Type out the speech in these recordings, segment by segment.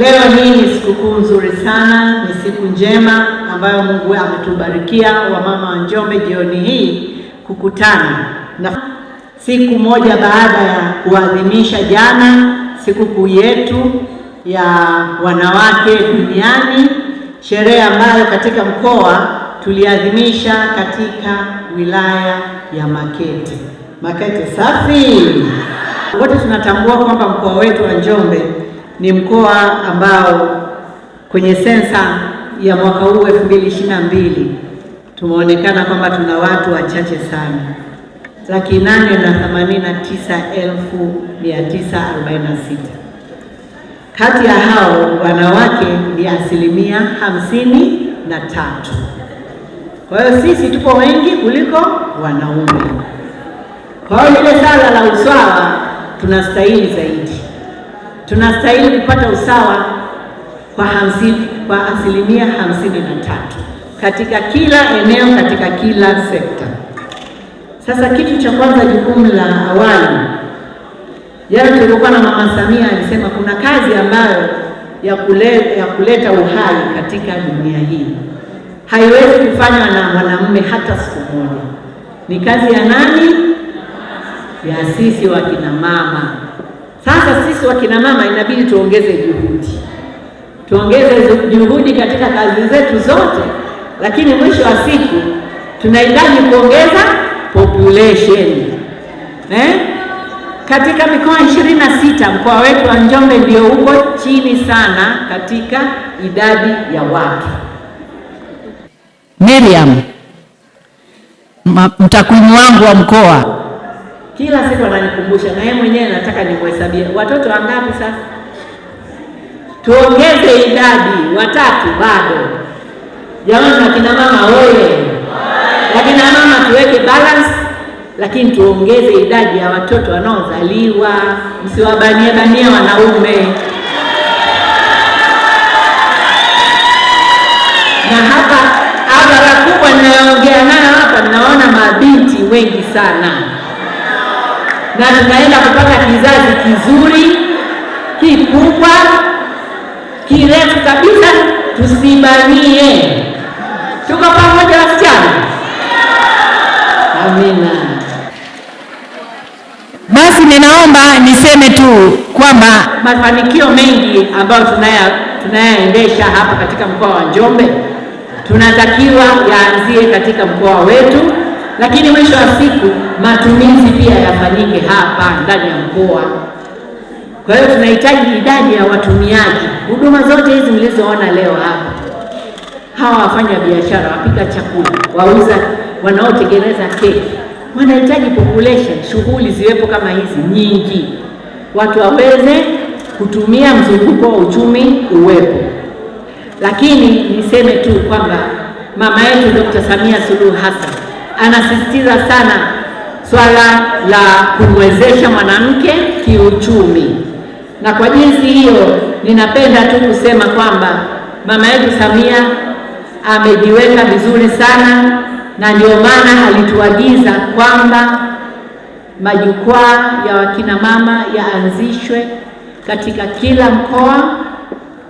Leo hii ni sikukuu nzuri sana, ni siku njema ambayo Mungu ametubarikia wamama wa Njombe jioni hii kukutana na siku moja baada ya kuadhimisha jana sikukuu yetu ya wanawake duniani, sherehe ambayo katika mkoa tuliadhimisha katika wilaya ya Makete. Makete safi! Wote tunatambua kwamba mkoa wetu wa Njombe ni mkoa ambao kwenye sensa ya mwaka huu 2022 tumeonekana kwamba tuna watu wachache sana, laki nane na themanini na tisa elfu mia tisa arobaini na sita. Kati ya hao wanawake ni asilimia hamsini na tatu. Kwa hiyo sisi tupo wengi kuliko wanaume. Kwa hiyo lile sala la usawa tunastahili zaidi tunastahili kupata usawa kwa hamsini, kwa asilimia hamsini na tatu katika kila eneo, katika kila sekta. Sasa kitu cha kwanza, jukumu la awali, jana tulikuwa na Mama Samia alisema kuna kazi ambayo ya, kule, ya kuleta uhai katika dunia hii haiwezi kufanywa na mwanamume hata siku moja. Ni kazi ya nani? Ya sisi mama maana sisi wakina mama inabidi tuongeze juhudi, tuongeze juhudi katika kazi zetu zote, lakini mwisho wa siku tunahitaji kuongeza population eh? Katika mikoa ishirini na sita mkoa wetu wa Njombe ndio uko chini sana katika idadi ya watu. Miriam, mtakwimu wangu wa mkoa kila siku ananikumbusha, na yeye mwenyewe nataka nimhesabie watoto wangapi. Sasa tuongeze idadi, watatu bado. Jamani, akina mama oye! Akina mama tuweke balance, lakini tuongeze idadi ya watoto wanaozaliwa. Msiwabanie banie wanaume na hapa hadhara kubwa ninayoongea nayo hapa, ninaona mabinti wengi sana na tunaenda kupata kizazi kizuri kikubwa kirefu kabisa. Tusimamie, tuko pamoja wasichana. Amina. Basi ninaomba niseme tu kwamba mafanikio mengi ambayo tunayaendesha hapa katika mkoa wa Njombe tunatakiwa yaanzie katika mkoa wetu lakini mwisho wa siku matumizi pia yafanyike hapa ndani ya mkoa. Kwa hiyo tunahitaji idadi ya watumiaji huduma zote hizi mlizoona leo hapa, hawa wafanya biashara, wapika chakula, wauza, wanaotengeneza keki, wanahitaji population, shughuli ziwepo kama hizi nyingi, watu waweze kutumia, mzunguko wa uchumi uwepo. Lakini niseme tu kwamba mama yetu Dr. Samia Suluhu Hassan anasisitiza sana swala la kumwezesha mwanamke kiuchumi, na kwa jinsi hiyo ninapenda tu kusema kwamba mama yetu Samia amejiweka vizuri sana, na ndio maana alituagiza kwamba majukwaa ya wakina mama yaanzishwe katika kila mkoa,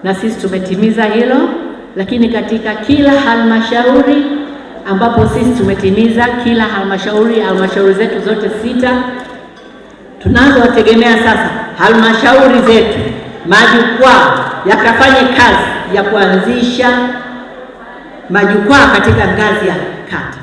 na sisi tumetimiza hilo, lakini katika kila halmashauri ambapo sisi tumetimiza kila halmashauri, halmashauri zetu zote sita. Tunazowategemea sasa halmashauri zetu majukwaa yakafanye kazi ya kuanzisha majukwaa katika ngazi ya kata.